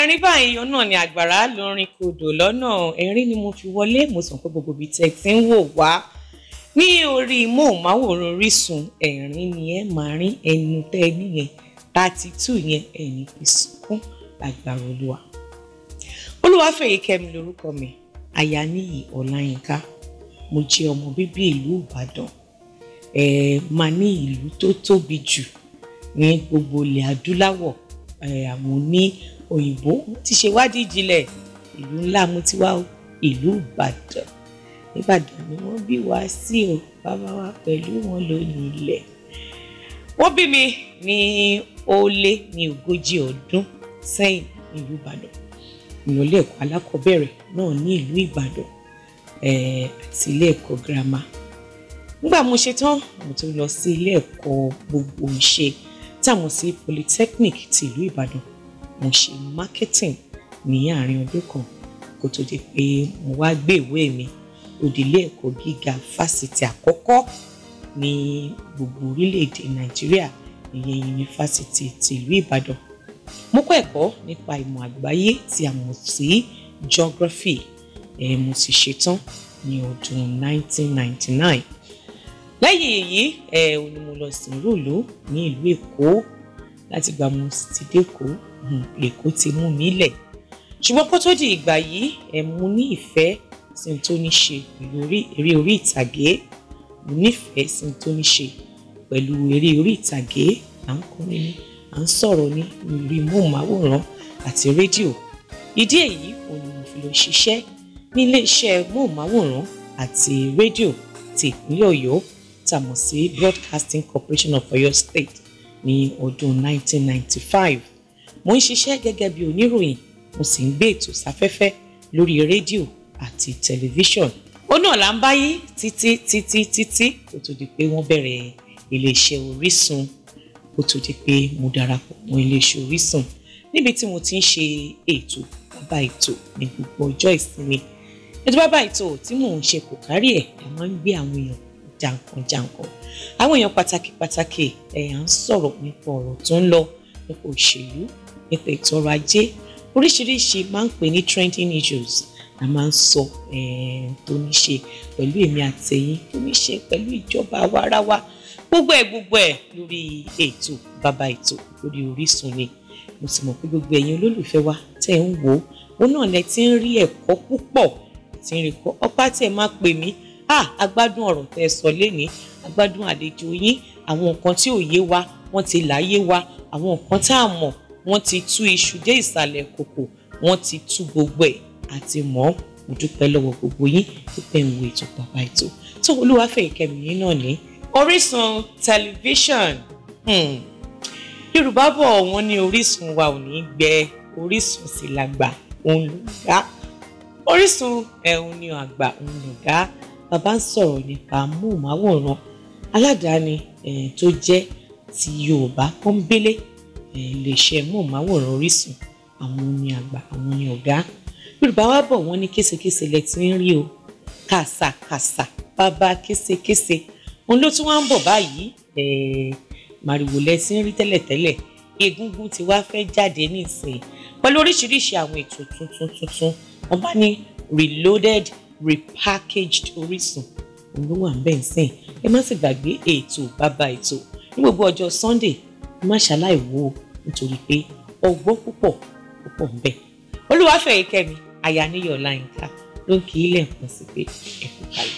ẹ̀rín báyìí òun náà ni àgbàrá lórin kodò lọ́nà ẹ̀rín ni mo fi wọlé mo sàn pé gbogbo ibi tẹ̀ tí ń wò wá ní orí móhùnmáwòrán Orísun ẹ̀rín ni ẹ máa rín ẹnu tẹ́ ẹ nìyẹn thirty two yẹn ẹ̀yìn ìsìnkún lágbára olúwa Olúwafẹ́yìkẹ́mi lórúkọ mi Àyáníyì Ọláyínká mo jẹ́ ọmọ bíbí ìlú Ìbàdàn ẹ máa ní ìlú tó tóbi jù ní gbogbo ilẹ̀ adúláwọ̀ Eh, àwọn oní òyìnbó ti ṣèwádìí ìjìnlẹ̀ ìlú ńlá mo ti wá ìlú ìbàdàn ìbàdàn ni wọ́n bí wá sí o bàbá wa pẹ̀lú wọn lónìí ilẹ̀ wọ́n bí mi ní ó lé ní ogójì ọdún sẹ́yìn ní ìlú ìbàdàn ìyàn ilé ẹ̀kọ́ alákọ̀ọ́bẹ̀rẹ̀ náà ní ìlú ìbàdàn eh, àti ilé ẹ̀kọ́ girama nígbà mo ṣe tán mo tún lọ sí ilé ẹ̀kọ́ gbogbo ìṣe tá a sí polytechnic ti ìlú ìbàdàn mo ṣe marketing ní àárín ọdún kan kó tó di pé mo wá gbé ìwé mi òdìlé ẹ̀kọ́ gíga fásitì àkọ́kọ́ ní gbogbo orílẹ̀-èdè nàìjíríà ìyẹn yunifásitì ti ìlú ìbàdàn mo kọ́ ẹ̀kọ́ nípa ìmọ̀ àgbáyé tí a mọ̀ sí geography ẹ̀ mo sì ṣetán ní ọdún 1999 lẹ́yìn èyí ẹ ò ní mo lọ sí rúlù ní ìlú èkó láti gba mo sì ti dẹ́kọ̀ hmm, èkó ti mú mi lẹ̀ ṣùgbọ́n kó tó di ìgbà yìí ẹ mú ní ìfẹ́ sí tó ní ṣe pẹ̀lú eré orí ìtàgé mo nífẹ̀ẹ́ sí tó ní ṣe pẹ̀lú eré orí ìtàgé à ń kọrin ní à ń sọ̀rọ̀ ní orí móhùnmáwòrán àti rédíò ìdí èyí òun mo fi lọ ṣiṣẹ́ ní iléeṣẹ́ móhùnmáwòrán àti rédíò ti ìpínlẹ̀ ọ̀yọ́ tàmọ̀ sí Broadcasting Corporation of Oyo State ní ọdún 1995 mo ń ṣiṣẹ́ gẹ́gẹ́ bí oníròyìn mo sì ń gbé ètò sáfẹ́fẹ́ lórí rédíò àti tẹlifíṣọ̀n ó náà là ń báyé títí títí títí kó tó di pé wọ́n bẹ̀rẹ̀ iléeṣẹ́ Orísun kó tó di pé mo darapọ̀ mọ́ iléeṣẹ́ Orísun níbi tí mo ti ń ṣe ètò bàbá ètò ní gbogbo ọjọ́ ìsinmi ètò bàbá ètò tí mò ń ṣe kò kárí ẹ̀ a máa ń gbé àwọn èèyàn jàǹkànjàǹkàn àwọn èèyàn pàtàkì pàtàkì ẹ̀yà ń sọ̀rọ̀ nípa ọ̀rọ̀ tó ń lọ nípa òṣèlú nípa ètò ọrọ̀ ajé oríṣiríṣi máa ń pè ní trending issues la máa ń sọ tó ní ṣe pẹ̀lú èmi àtẹ̀yìn tó ní ṣe pẹ̀lú ìjọba àwarawa gbogbo ẹ̀ gbogbo ẹ̀ lórí ètò bàbá ètò lórí Orísun ni mo sì mọ̀ pé gbogbo ẹ̀yin olólùfẹ́ wa tẹ̀ ń wò ó náà lẹ ti ń rí ẹ̀kọ́ púpọ̀ tí ń rí kọ́ ọpá tẹ̀ máa pè mí Ha, agbádùn ọ̀rọ̀ tẹ́ sọ lénìí agbádùn àlejò yín àwọn nǹkan tí ò yé wa wọ́n ti láyé wa àwọn nǹkan tá a mọ̀ wọ́n ti tú iṣu dé ìsàlẹ̀ kòkò wọ́n ti tú gbogbo ẹ̀ àti mọ́ mo dúpẹ́ lọ́wọ́ gbogbo yín dúpẹ́ ń wo ètò bàbá ètò tó Olúwafẹ́yìkẹ́mi yín náà ní Orísun tẹlifíṣàn hmm. Yorùbá bọ̀ wọ́n ní orísun wa ò ní gbẹ orísun sì làgbà òun ló ga orísun ẹ̀ òun ni àgbà òun ló ga bàbá ń sọ̀rọ̀ nípa amóhùnmáwòrán aládàáni tó jẹ́ ti Yorùbá pọ́ńbélé iléeṣẹ́ amóhùnmáwòrán Orísun àwọn ni àgbà àwọn ni ọ̀gá Yorùbá wa bọ̀ wọ́n ní késekése lẹ ti ń rí o kàsàkàsà bàbá késekése òun ló tún wá ń bọ̀ báyìí màrìwò lẹ ti ń rí tẹ́lẹ̀tẹ́lẹ̀ egungun ti wá fẹ́ jáde nísìnyí pẹ̀lú oríṣiríṣi àwọn ètò tuntun tuntun wọ́n bá ní reloaded repackaged Orísun olówó àbẹ̀nsìn ẹ má sì gbàgbé ètò bàbá ètò ní gbogbo ọjọ́ Sunday má ṣàláì wo nítorí pé ọgbọ́n púpọ̀ púpọ̀ ń bẹ olúwàfẹ̀yẹkẹ́mi àyàníyọ̀ láyínká ló ń kí ilẹ̀ nǹkan sí pé ẹ̀kú kalẹ̀.